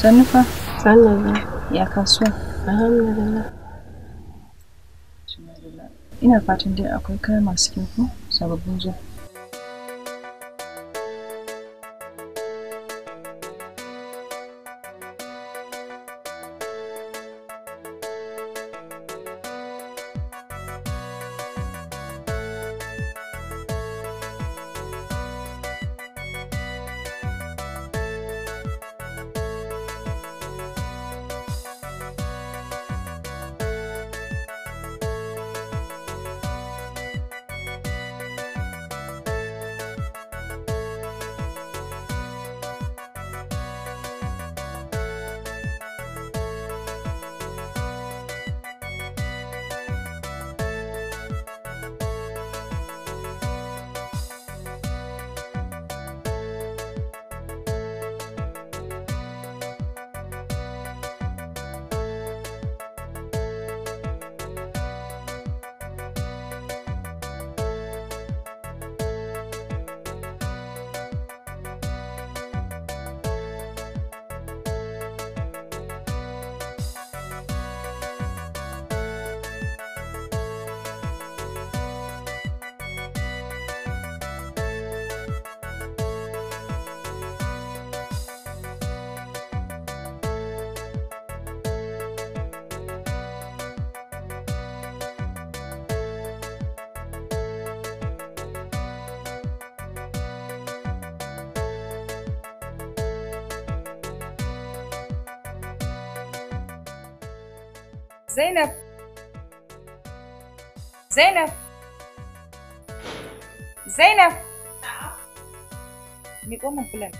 sannu fa sannu ya kasuwa alhamdulillah ina fatan dai akwai kaya masu kyau sababbin zuwa Zainab Zainab Zainab Miƙo min fulan.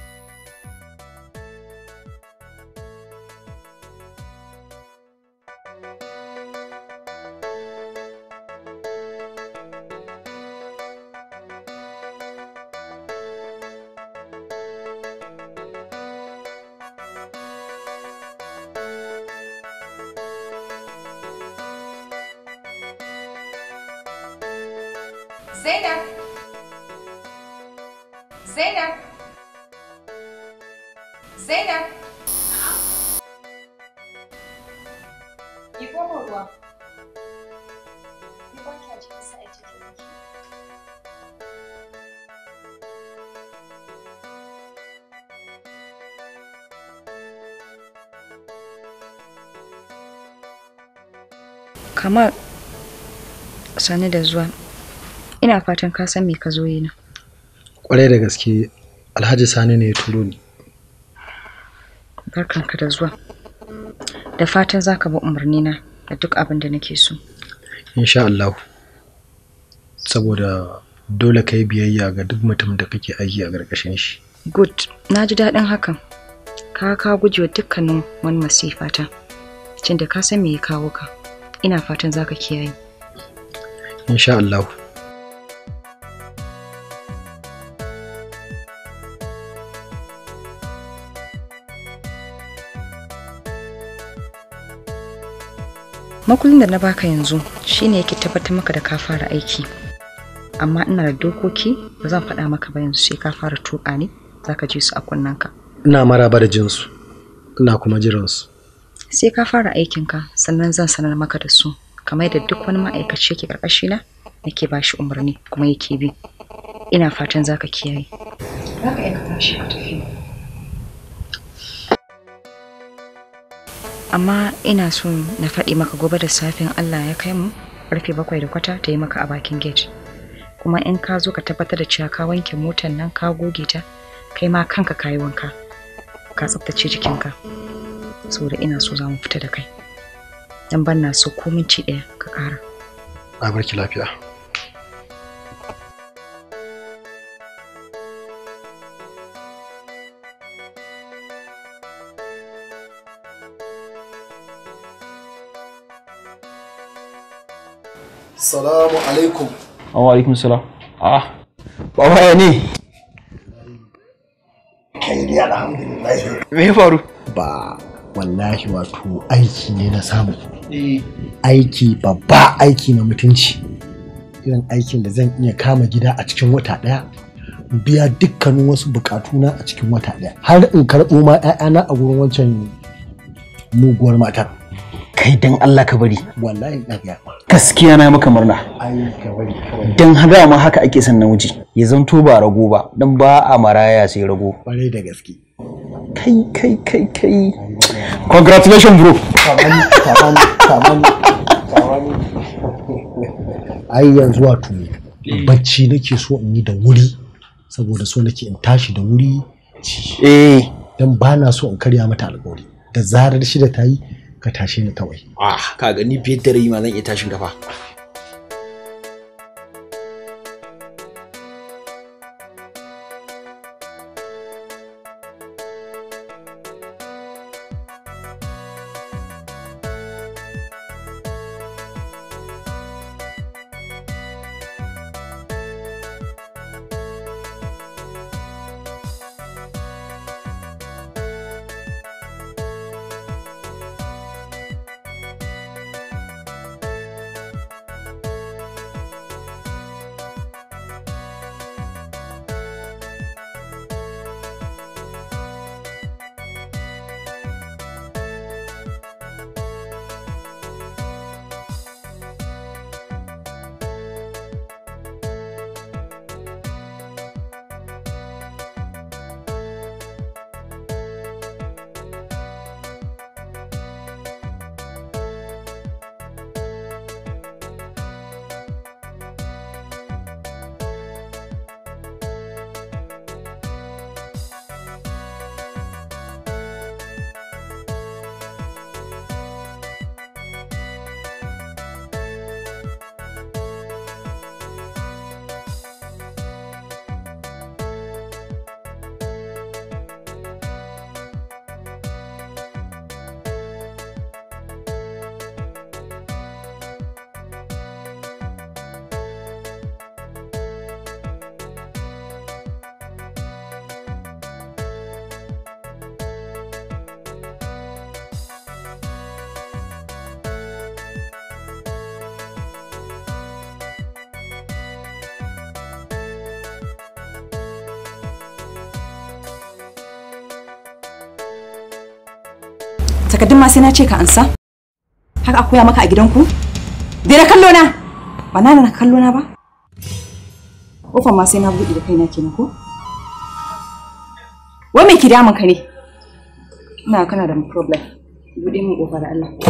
Kamal sani da zuwa. Ina fatan ka san me ka zo yi nan. Kwarai da gaske Alhaji Sani ne ya turo ni. ka da zuwa. Da fatan zaka ka umarni na da duk abin da nake so. Insha Allah. Saboda dole ka biyayya ga duk mutum da kake aiki a ƙarƙashin shi. Good, na ji daɗin hakan. Ka ka gujewa dukkanin wani masifata, cin da ka san me ya kawo ka. ina fatan za ka kiyaye insha Allah makullin da na baka yanzu shine yake tabbatar maka da ka fara aiki amma ina da dokoki ba zan faɗa maka ba yanzu sai ka fara tuƙa ne za ka ji su a kunnanka ina maraba da jinsu ina kuma jiransu sai ka fara aikinka sannan zan sanar maka da su kamar da duk wani ma'aikaci ke karkashi na nake ba shi umarni kuma yake bi ina fatan zaka kiyaye zaka aikata shi ka tafi amma ina so na faɗi maka gobe da safin Allah ya kai mu karfe bakwai da kwata ta yi maka a bakin gate kuma in ka zo ka tabbatar da cewa ka wanke motar nan ka goge ta kai ma kanka kayi wanka ka tsaftace jikinka saboda ina so za mu fita da kai dan ban na so ko minci ɗaya ka ƙara a barki lafiya Salamu alaikum. Wa alaikum salam. Ah, ba ya ne? Kai ne alhamdulillah. Me ya faru? Ba wallahi wato aiki ne na samu eh. aiki babba aiki na mutunci irin aikin da zan iya kama gida a cikin wata ɗaya biya dukkanin wasu bukatuna a cikin wata ɗaya har in karɓo ma 'ya'yana a gurin wancan muguwar matar kai dan Allah ka bari wallahi gaskiya na maka murna dan hada ma haka ake son namiji ya zanto ba rago ba dan ba a maraya sai rago kwarai da gaske kai kai kai kai congratulations bro ai yanzu wato bacci nake so in yi da wuri saboda so nake in tashi da wuri eh dan ba na so in karya mata alƙawari da zarar shida ta yi ka tashe ni kawai ah ka gani fiye da rai ma zan iya tashin kafa Takaddun ma sai na ce ka ansa. Haka a koya maka a gidanku? Daina kallo na. Ba na na kallo na ba. Kofar ma sai na buɗe da kaina kenan ko? Wai me ki damun ka ne? Ina kana da problem. Buɗe min da Allah.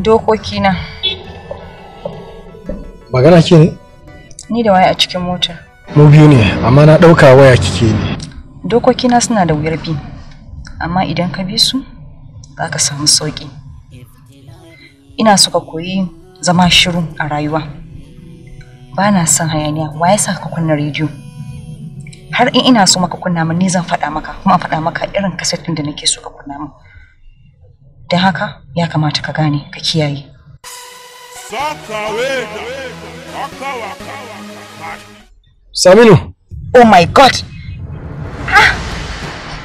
dokokina magana ke ne ni da waya a cikin motar mu biyu ne amma na ɗauka waya kike ne dokokina suna da wuyar bi amma idan ka bi su za ka samu sauƙi ina suka koyi zama shiru a rayuwa ba na son hayaniya waya sa ka kunna rediyo har in ina so maka kunna mun ni zan faɗa maka kuma faɗa maka irin kasetin da nake so ka kunna min da haka ya kamata ka gane ka kiyaye saminu oh my god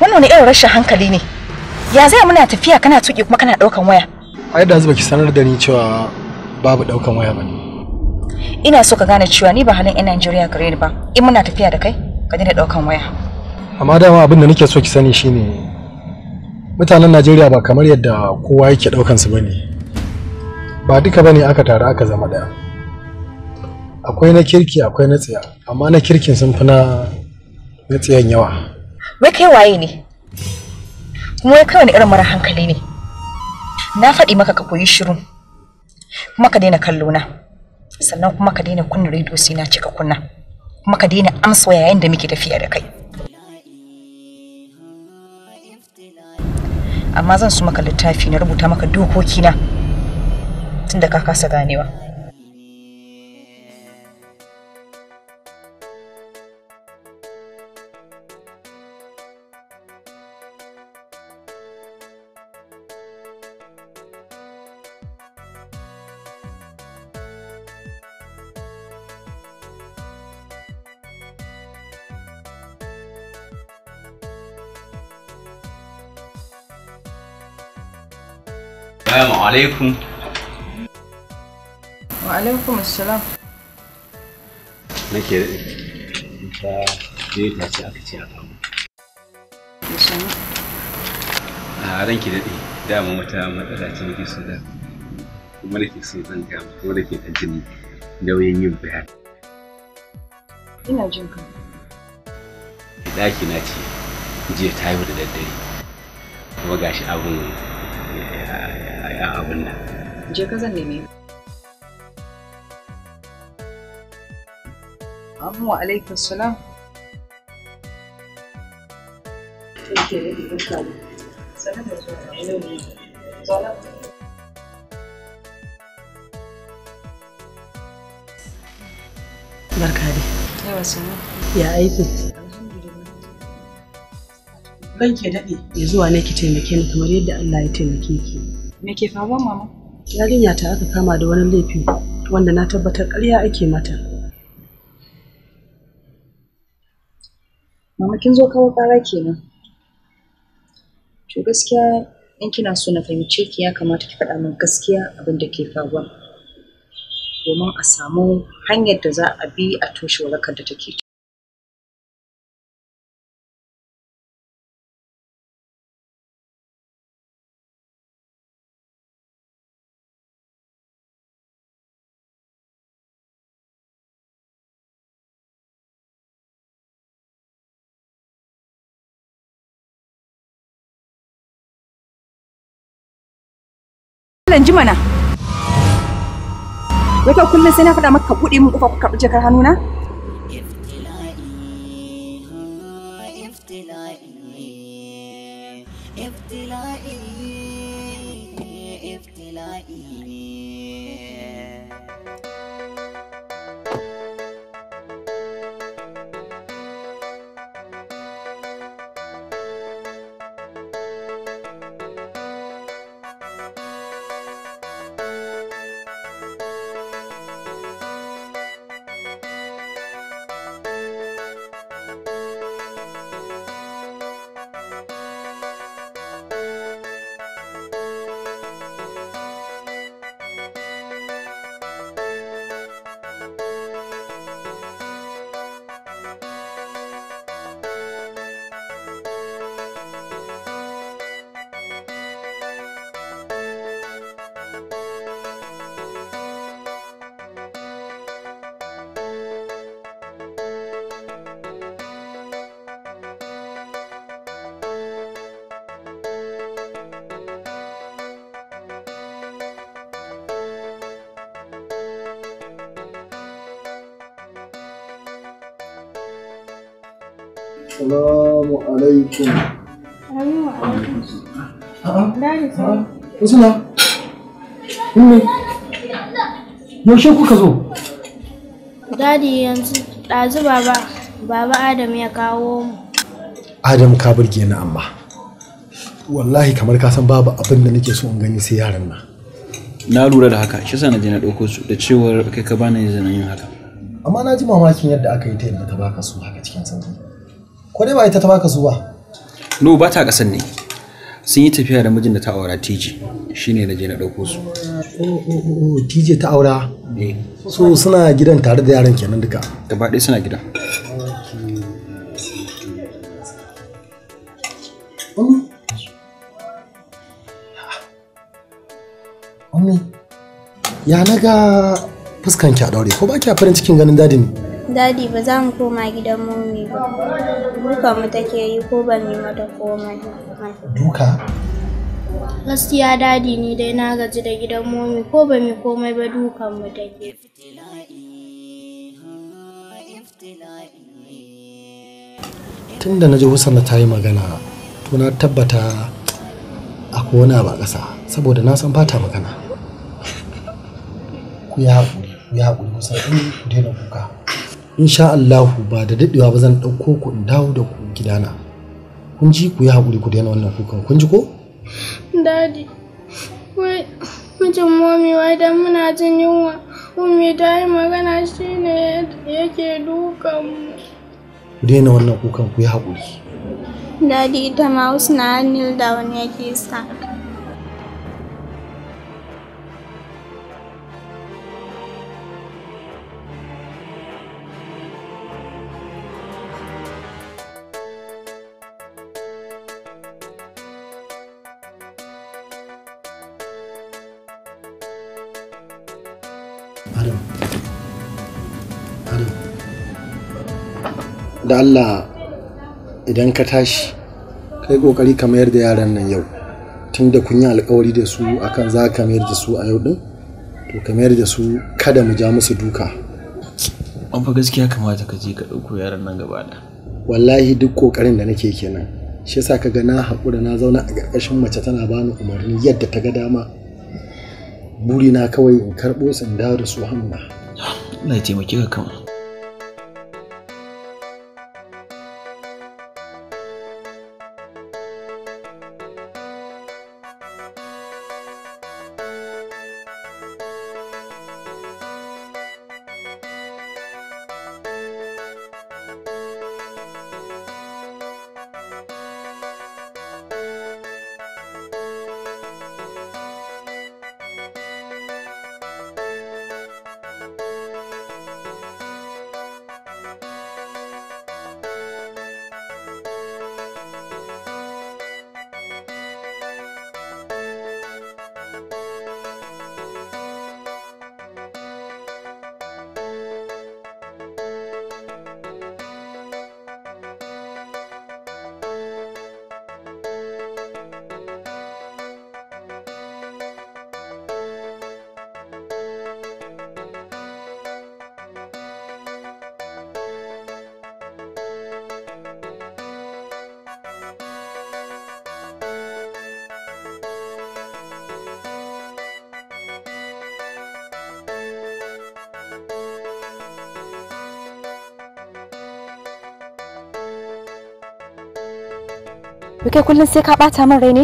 wannan wani irin rashin hankali ne ya zai muna tafiya kana tuki kuma kana ɗaukan waya A yadda zuba ki sanar da ni cewa babu daukan waya ba ne. ina so ka gane cewa ni ba halin yan Najeriya gare ni ba in muna tafiya da kai ka daina daukan waya amma dama abin da nake so ki sani shine mutanen najeriya ba kamar yadda kowa yake ɗaukansu ba ne ba duka ba ne aka taru aka zama ɗaya akwai na kirki akwai na tsiya amma na kirkin sun fi na na tsayan yawa wai kai waye ne kuma wai kawai irin mara hankali ne na faɗi maka ka koyi shiru kuma ka daina kallo na sannan kuma ka daina kunna rediyo sai na cika kunna kuma ka daina amsa yayin da muke tafiya da kai amma zan su maka littafi na rubuta maka dokokina tunda ka kasa ganewa Assalamu alaikum. Wa alaikum assalam. Nake ta yi ta ce aka ce a kawo. A ranki daɗe, dama wata matsala ce nake so da kuma nake so zan ga kuma nake da jini nauyin yin bayani. Ina jin ka. Ɗaki na ce jiya ta yi da daddare kuma gashi abin ya abin nan je ka zan neme Amu alaikum salam. Barka dai. Yawa sanu. Ya aiki. Ranke daɗe. Ya zuwa na ki taimake kamar yadda Allah ya taimake ke. me ke faruwa mama yarinya ta aka kama da wani laifi wanda na tabbatar ƙarya ake mata mama kin zo kawo ƙara kenan to gaskiya in kina so na fahimce ki ya kamata ki faɗa min gaskiya abin da ke faruwa domin a samu hanyar da za a bi a toshe warakar da take mana ji mana wai kullum sai na faɗa maka ka buɗe min ƙofa ka karɓi jakar hannuna Salamu alaikum. Salamu alaikum. Dadi sai. Usula. Yaushe kuka zo? Dadi yanzu ɗazu baba, baba Adam ya kawo mu. Adam ka burge ni amma. Wallahi kamar ka san babu abin da nake so in gani sai yaran na. Na lura da haka, shi na je na ɗauko su da cewar kai ka bani na yin haka. Amma na ji mamakin yadda aka yi ta yadda ta baka su haka cikin sauƙi. ko ba ita ta baka su ba no ba ta kasan ne sun yi tafiya da mijin da ta aura tije shine na je na dauko su oh, oh, oh, oh tije ta aura eh. so suna gidan tare da yaran kenan duka gaba ɗaya suna gidan Ummi, ya naga ki a daure ko ba ki farin cikin ganin dadi ne? Dadi ba za mu koma gidan mummi ba. Duka mu take yi ko ban yi mata komai. Duka? Gaskiya dadi ni dai na gaji da gidan mummi ko ba mu komai ba dukan mu take. Tun da na ji Hussana ta yi magana, to na tabbata akwai wani abu a ƙasa saboda na san bata magana ku ya haƙuri ku daina kuka insha ba da daɗewa ba zan ɗauko ku in dawo da ku gidana kun ji ku yi haƙuri ku daina wannan kukan kun ji ko? Dadi, wai mijin momi wai dan muna jin yunwa umi ta yi magana shi ne yake dukan mu. Ku daina wannan kukan ku yi haƙuri. Dadi ita ma na Nil da wani yake sa. da Allah idan ka tashi kai kokari ka mayar da yaran nan yau tun da kun yi alkawari da su akan za ka mayar da su a yau din to ka mayar da su kada mu ja musu duka an fa gaskiya kamata ka je ka ɗauko yaran nan gaba da wallahi duk kokarin da nake kenan shi yasa kaga na hakura na zauna a ƙarƙashin mace tana bani umarni yadda ta ga dama burina kawai in karbo su da su hamma. Allah ya taimake ka kama kai kullum sai ka bata min rai ne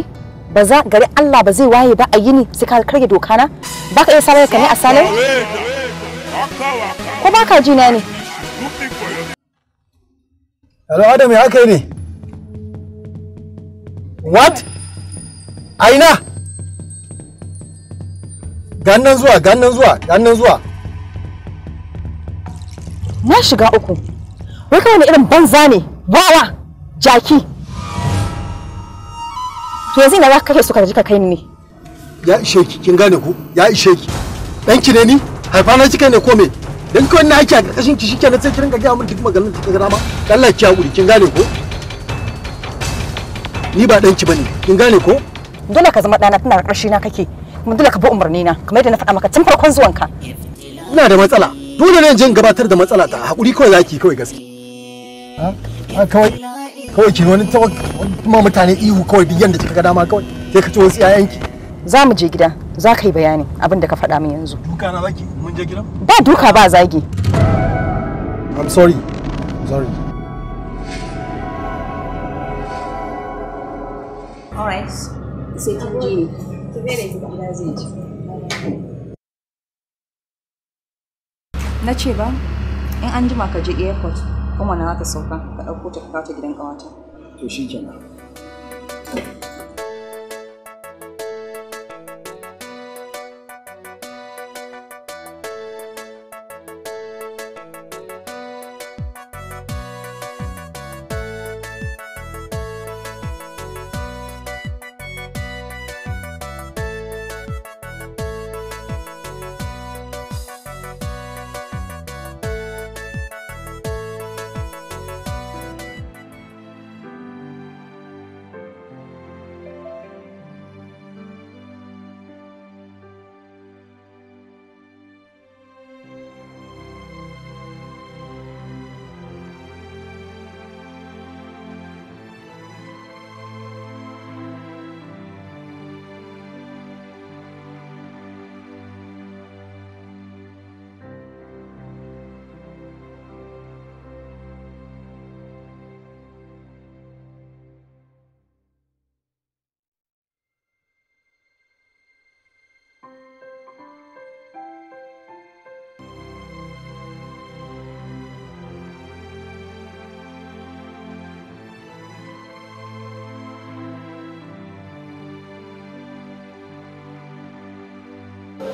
ba za gari Allah ba zai waye ba a yi ni sai ka karge doka na ba ka iya sarar ka ne a salon ko ba ka jina ne Hello Adam ya kai ne What Aina Gannan zuwa gannan zuwa gannan zuwa Na shiga uku wai kawai irin banza ne wawa jaki to yanzu ina za ka kashe su ka ji ka kai ni ya ishe ki kin gane ku ya ishe ki dan ki ne ni haifa na kika ne ko me dan kawai na haki a kashin ki shikenan sai ki ringa ga min duk maganar da kika gara ma Allah ki hakuri kin gane ko ni ba dan ki bane kin gane ko dole ka zama dana tana karshe na kake mun dole ka bi umarni na kamar yadda na faɗa maka tun farkon ka ina da matsala dole ne jin gabatar da matsala ta hakuri kawai zaki kawai gaske ha kawai kawai ki wani ma mutane ihu kawai duk yanda kika ga dama kawai sai ka ci wasu yayanki za mu je gida za ka yi bayani abin da ka faɗa min yanzu duka na zaki mun je gida ba duka ba zagi i'm sorry I'm sorry na ce ba in an jima ka je airport kuma na za ta sauka ka ɗauko ta kawo ta gidan ƙawata to shi kenan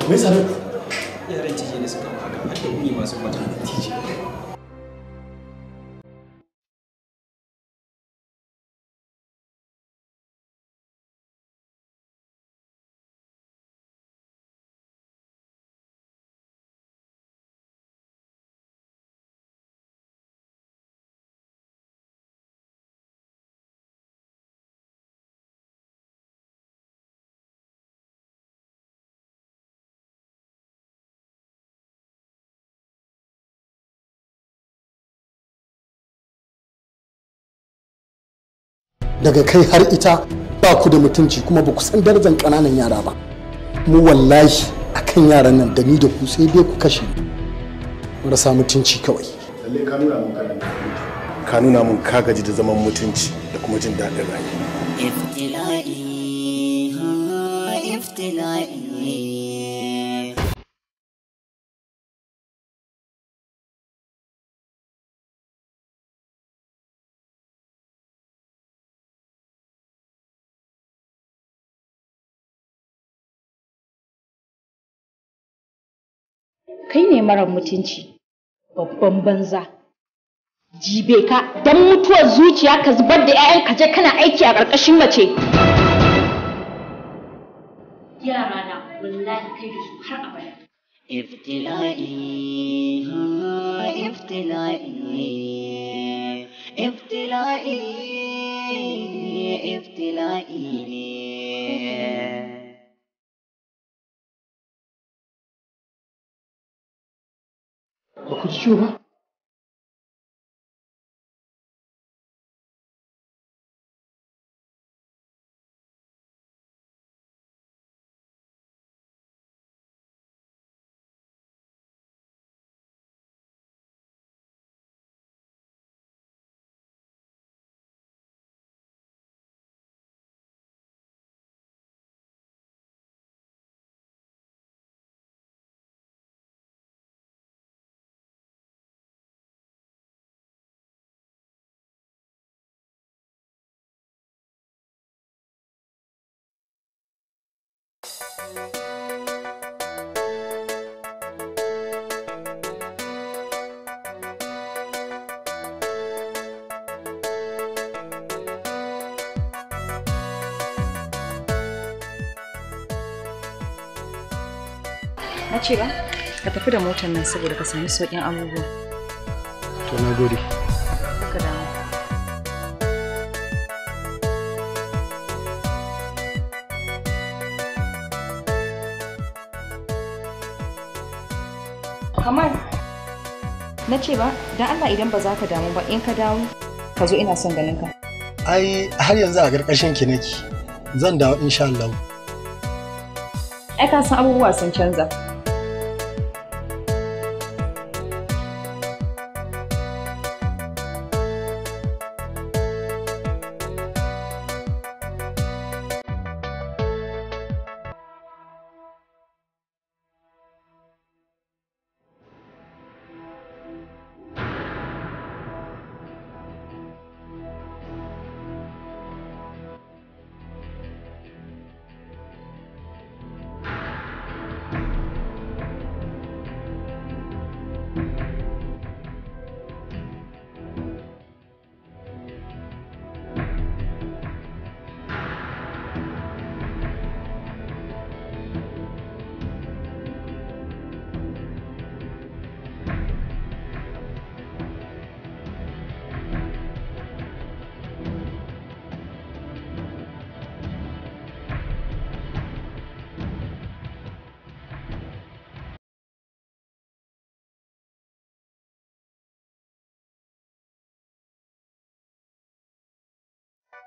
me yasa yaran tije ne suka haka har da umi masu wajen tije daga kai har ita ba ku da mutunci kuma ba ku san darajar kananan yara ba mu wallahi a kan yaran nan da ni da ku sai dai ku kashe marasa mutunci kawai ka nuna mun ka gaji da zaman mutunci da kuma jin daɗin rayuwa iftila'i iftila'i kai ne mara mutunci babban banza jibe ka don mutuwar zuciya ka zubar da 'ya'yan ka je kana aiki a ƙarƙashin mace yara na 回去吧。Na ka tafi da motar nan saboda ka sami sauƙin abubuwa. To na gode. na ce ba don Allah idan ba za ka damu ba in ka dawo ka zo ina son ganin ka ai har yanzu a ƙarƙashin ki nake zan dawo insha Allah ai ka san abubuwa sun canza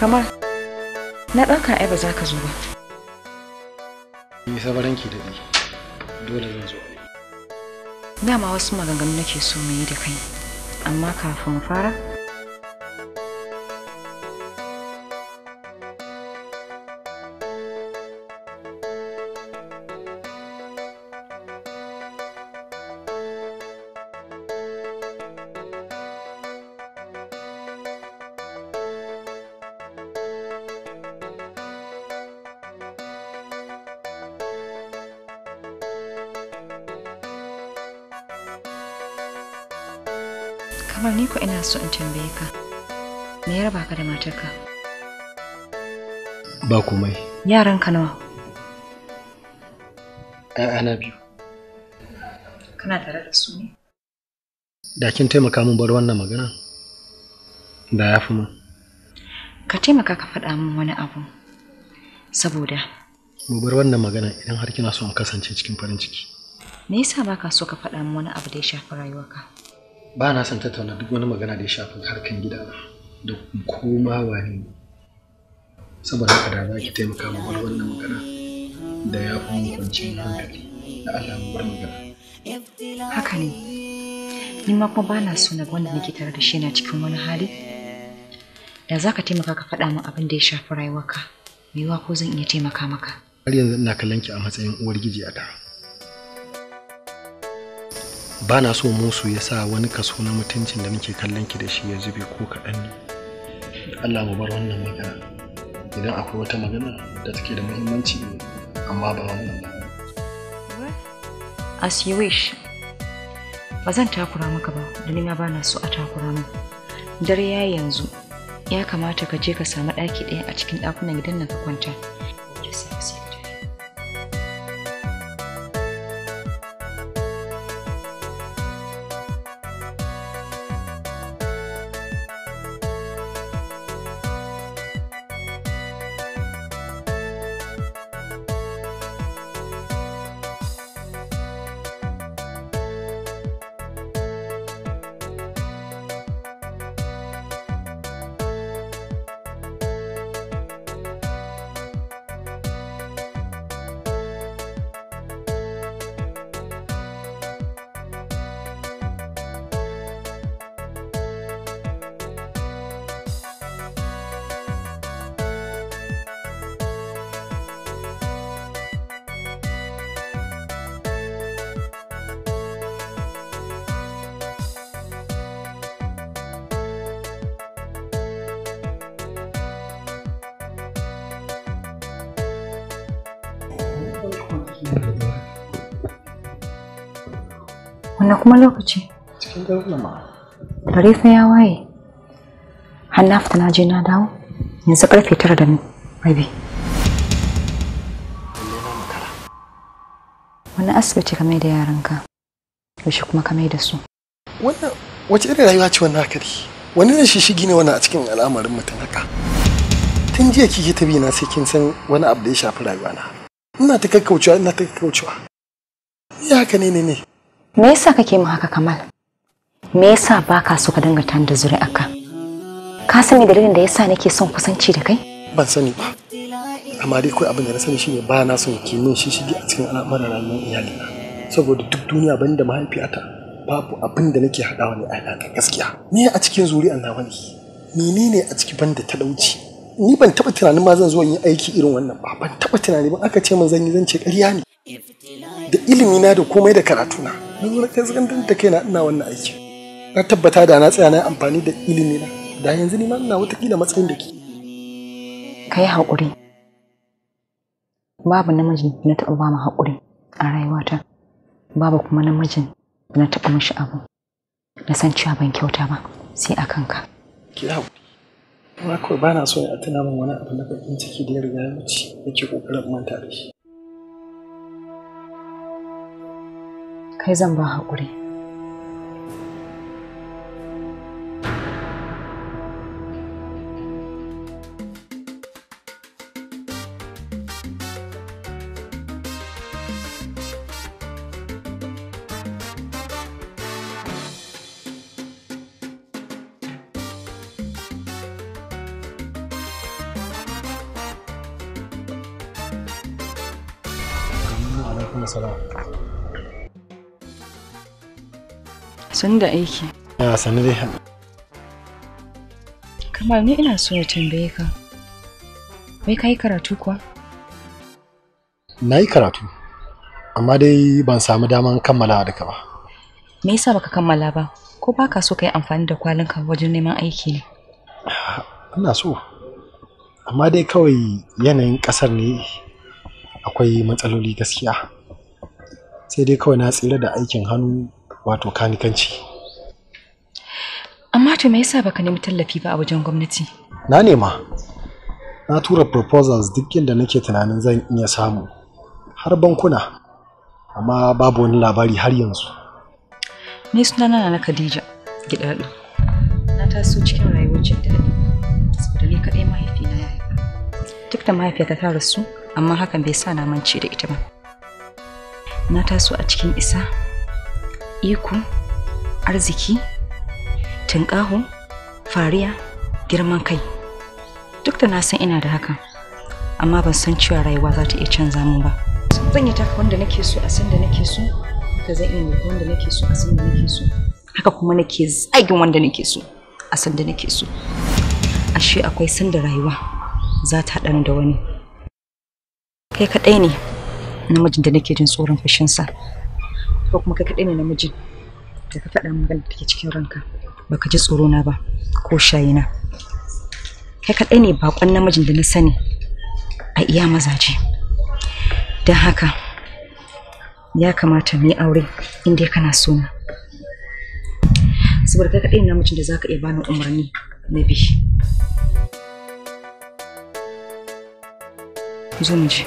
kamar na ɗauka ai ba za ka zo ba me sabaranki da ni dole zan zo dama wasu maganganu nake so mu yi da kai amma kafin fara ni ko ina so in tambaye ka me ya raba ka da matarka ba komai yaran ka nawa ana biyu kana tare da su ne da kin taimaka min bar wannan magana da ya fi min ka taimaka ka faɗa min wani abu saboda mu bar wannan magana idan har kina so in kasance cikin farin ciki me yasa baka so ka faɗa min wani abu da ya shafi rayuwarka ba na son tattauna duk wani magana da ya shafi harkan gida da koma wani saboda haka da za ki taimaka ma wani wannan magana da ya fi kwanciyar hankali da Allah mu bar magana. Haka ne, ni ma kuma ba na so na wanda nake tare da shi na cikin wani hali. Da za ka taimaka ka faɗa min abin da ya shafi rayuwarka, me ko zan iya taimaka maka. Har yanzu ina kallon ki a matsayin uwar giji a ta. ba na so musu ya sa wani kaso na mutuncin da nake kallon ki da shi ya zube ko kaɗan ne Allah mu bar wannan magana idan akwai wata magana da take da muhimmanci amma ba wannan ba as you wish ba zan takura maka ba da nima ba na so a takura min dare ya yanzu ya kamata ka je ka samu ɗaki ɗaya a cikin ɗakunan gidan nan ka kwanta na kuma lokaci cikin garuruwa ma dare fa ya waye Hanna na fita na je na dawo yanzu karfe tara da rabi wani asibiti ka mai da yaranka yaushe kuma ka mai da su wannan wace irin rayuwa ce wannan haka wani ne shishigi ne wannan a cikin al'amarin mutum haka tun jiya kike ta na sai kin san wani abu da ya shafi rayuwa na ina ta kakkaucewa ina ta kakkaucewa ya ka ne ne ne me yasa kake mu haka kamal me yasa ba ka so ka dinga tanda zuri'a ka sani dalilin da yasa nake son kusanci da kai ban sani ba amma dai kawai abin da na sani shine ba na son ki min shishigi a cikin al'amuran rayuwar iyali. saboda duk duniya ban da mahaifiyata babu abin da nake haɗawa ne alaƙa gaskiya me a cikin zuri'an nawa ne menene a ciki ban da talauci ni ban taɓa tunanin ma zan zo yin aiki irin wannan ba ban taɓa tunani ba aka ce min zan yi zan ce ƙarya ne da ilimina da komai da karatuna don kai zagantar da kaina ina wannan aiki na tabbata da na tsaya na amfani da ilimina da yanzu ni ma ina watakila matsayin da ke ka yi haƙuri babu namiji na taɓa ba mu haƙuri a rayuwata babu kuma namijin na taɓa mishi abu na san cewa ban kyauta ba sai a kanka ki haƙuri kuma kawai ba na so ya tuna min wani abu na bakin ciki da ya riga ya wuce yake ƙoƙarin manta da shi kai zan ba haƙuri Sun da aiki. Ya sani dai. Kamar ni ina so na tambaye ka. Wai ka yi karatu kuwa? Na yi karatu, amma dai ban samu daman kammala ka ba. Me yasa baka kammala ba? Ko ba ka so ka yi amfani da kwalinka wajen neman aiki ne? Ina so, amma dai kawai yanayin ƙasar ne akwai matsaloli gaskiya. Sai dai kawai na tsira da aikin hannu wato kanikanci amma to me yasa baka nemi tallafi ba a wajen gwamnati na nema na tura proposals duk inda nake tunanin zan iya samu har bankuna amma babu wani labari har yanzu ni sunana na Khadija na taso cikin rayuwar jin daɗi saboda ni kaɗai mahaifina ya yi duk da mahaifiyata ta rasu amma hakan bai sa na mance da ita ba na taso a cikin isa iko arziki tunƙaho fariya girman kai duk da na san ina da haka amma ban san cewa rayuwa za ta iya canza mun ba zan yi taka wanda nake so a san da nake so haka zan iya yi wanda nake so a san da nake so haka kuma nake zagin wanda nake so a san da nake so ashe akwai sanda rayuwa za ta haɗa da wani kai kaɗai ne namijin da nake jin tsoron fushinsa ko kuma kai kaɗai ne namijin da ka faɗa magana da take cikin ranka baka ji tsoro na ba ko shayina kai kaɗai ne bakon namijin da na sani a iya mazaje don haka ya kamata mu yi aure inda kana so na saboda kai kaɗai ne namijin da zaka iya bani umarni na bi zo mu je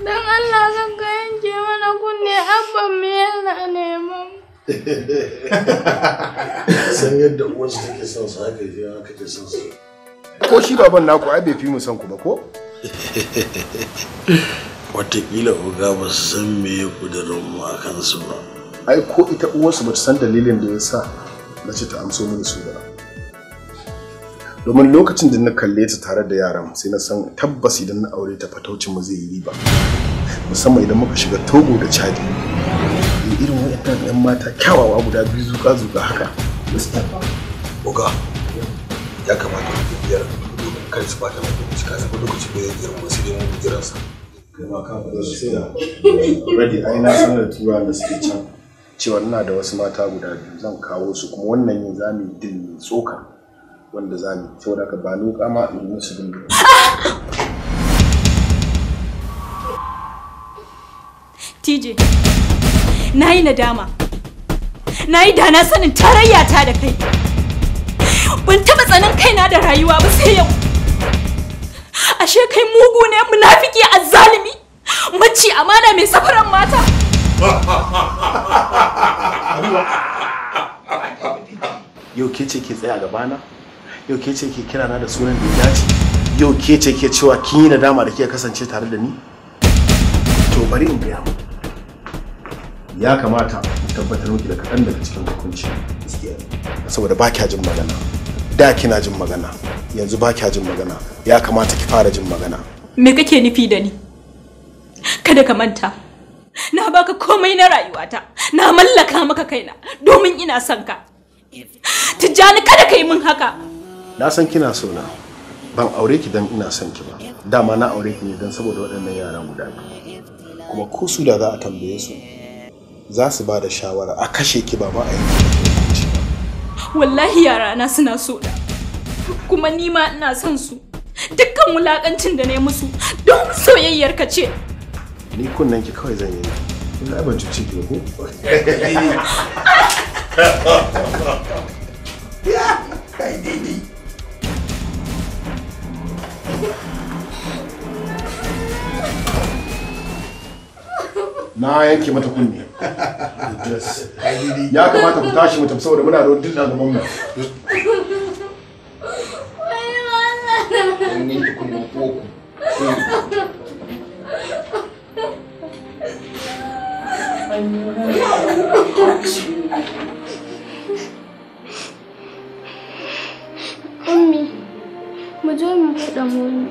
dan Allah zan ka yanke mana kunne abban me yana neman. San yadda uwarsa take son sa haka ji haka ta son sa. Ko shi baban naku ai bai fi mu san ku ba ko? Wataƙila uga ba su san me ya kudurin mu a kansu ba. Ai ko ita uwarsu ba ta san dalilin da yasa sa mace ta amso mini su ba. domin lokacin da na kalle ta tare da yaran sai na san tabbas idan na aure ta fataucin mu zai yi riba musamman idan muka shiga togo da chadi da eh, irin waɗannan ɗan mata kyawawa guda biyu zuka zuka haka oga ya kamata mu biyar domin kar su bata mai lokaci ka saba lokaci da zai jira mu sai dai mu jira sa kuma ka ba sai da ready ai na san da tura da suke can cewa ina da wasu mata guda biyu zan kawo su kuma wannan yin zamu yi din tsoka wanda za mu da ka ba loka ma in musu bin TJ na yi nadama na yi dana sanin tarayya ta da kai ban taɓa tsanin kaina da rayuwa ba sai yau ashe kai mugu ne munafiki azzalimi mace amana mai safaran mata yau ke ce ke tsaya gabana yau ke ce ke kira na da sunan da ya dace yau ke ce ke cewa kin yi nadama da ke kasance tare da ni to bari in gaya mu ya kamata ku tabbatar miki da kaɗan daga cikin hukunci saboda ba kya jin magana da kina jin magana yanzu ba kya jin magana ya kamata ki fara jin magana me kake nufi da ni kada ka manta na baka komai na rayuwata na mallaka maka kaina domin ina son ka tijjani kada ka yi min haka na san kina so na ban aure ki dan ina son ki ba dama na aure ki ne dan saboda waɗannan yaran guda kuma ko su da za a tambaye su za su ba da shawara a kashe ki ba ma a yi wallahi yara na suna so da kuma ni ma ina son su dukkan wulakancin da na yi musu don soyayyar ka ce ni kunnen ki kawai zan yi na ban cuci ki ko Yeah, I did it. na yanke mata kunne ya kamata ku tashi mutum saboda muna da da mamma. Wai wani dinda gaban mu Ummi. mu je mu buɗe muni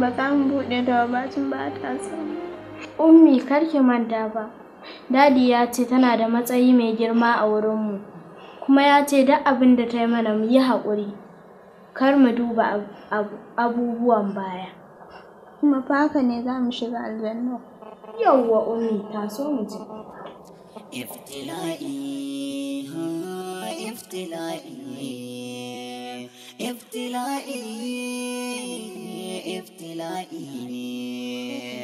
ba za mu buɗe da bacin ba ta samu ummi karki manta ba dadi ya ce tana da matsayi mai girma a wurinmu kuma ya ce duk abin da ta yi mana mu yi haƙuri kar mu duba abubuwan baya kuma faka ne za mu shiga aljanna yawwa ummi taso mu je iftila'i iftila'i ابتلائي ابتلائي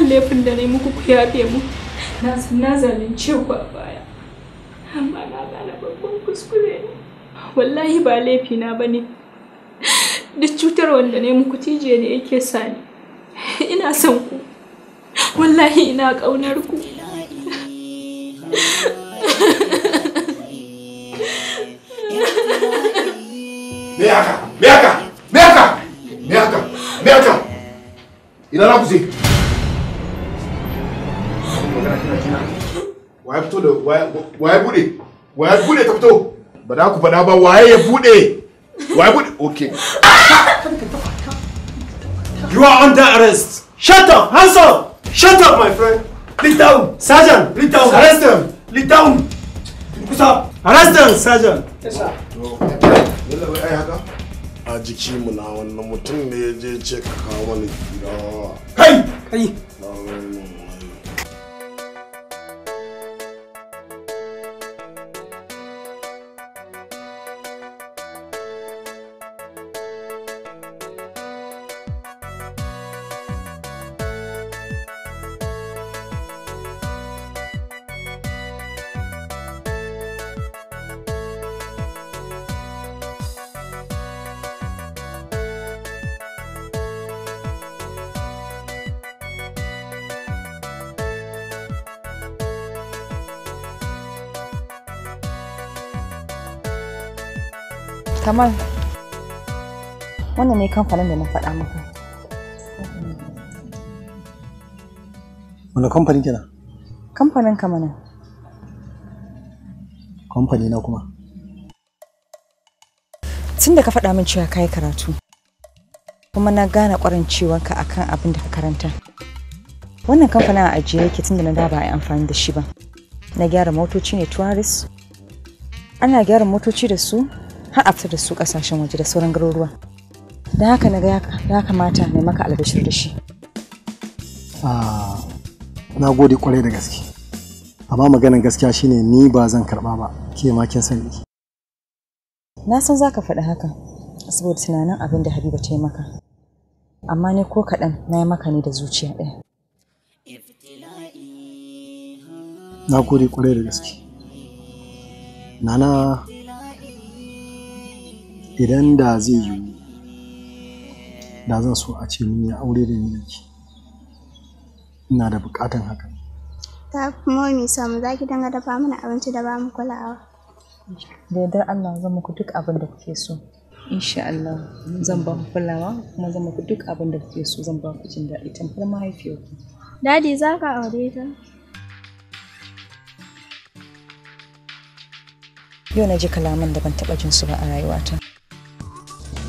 kan laifin da na yi muku ku yafe mu na na zalunce ku a baya amma na gane babban kuskure ne wallahi ba laifi na bane duk cutar wanda ne muku tije ne yake sani ina son ku wallahi ina ƙaunar ku Me haka? Me haka? Me haka? Me haka? Me haka? Ina na waye fito da ta fito ba da ku ba waye ya bude waye okay you are under arrest shut up hands my friend down sergeant down kusa arrest them sergeant a jiki mu mutum ne ya je ce ka kawo mana gida kai Kamal, wannan ne kamfanin da na faɗa maka. Wani kamfanin kenan? Kamfanin kamanin. Kamfani na kuma. Tun da ka faɗa min cewa ka yi karatu, kuma na gane ƙwarin ciwonka akan abin da ka karanta. Wannan kamfanin a ajiye yake tun da na daba a yi amfani da shi ba. Na gyara motoci ne tourist. Ana gyara motoci da su har a fitar da su kasashen waje da sauran garuruwa da haka na ga ya kamata ne maka albashir da shi ah, na gode kwarai da gaske amma maganin gaskiya shine ni ba zan karba ba ke ma kin sani na san za ka faɗi haka saboda tunanin abin da habiba ta yi maka amma ne ko kaɗan na yi maka ne da zuciya ɗaya na gode kwarai da gaske nana idan da zai yiwu da zan so a ce mun aure da ni ina da bukatan hakan ta kuma mai samu za ki danga dafa mana abinci da ba mu kulawa da yardar Allah zan muku duk abin da kuke so insha Allah zan ba ku kulawa kuma zan muku duk abin da kuke so zan ba ku jin daɗi tamfar mahaifiyarku dadi za ka aure ta yau na ji kalaman da ban taɓa jin su ba a rayuwata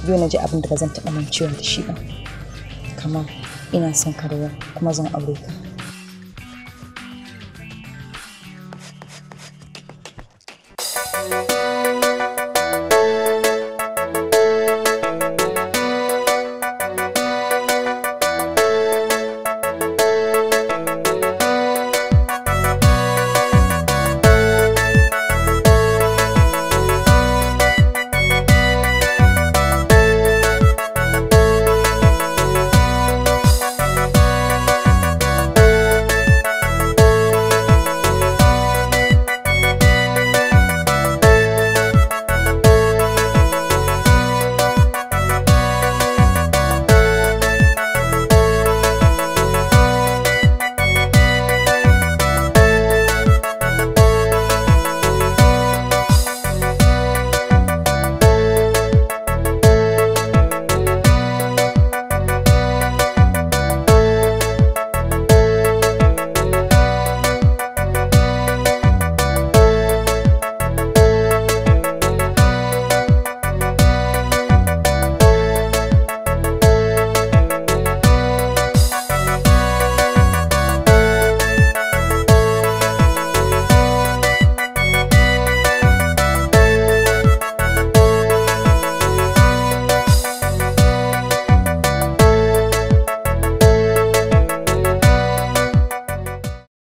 biyu na ji abin da ba zan taɓa mancewa da shi ba kamar ina son karuwa kuma zan aure ka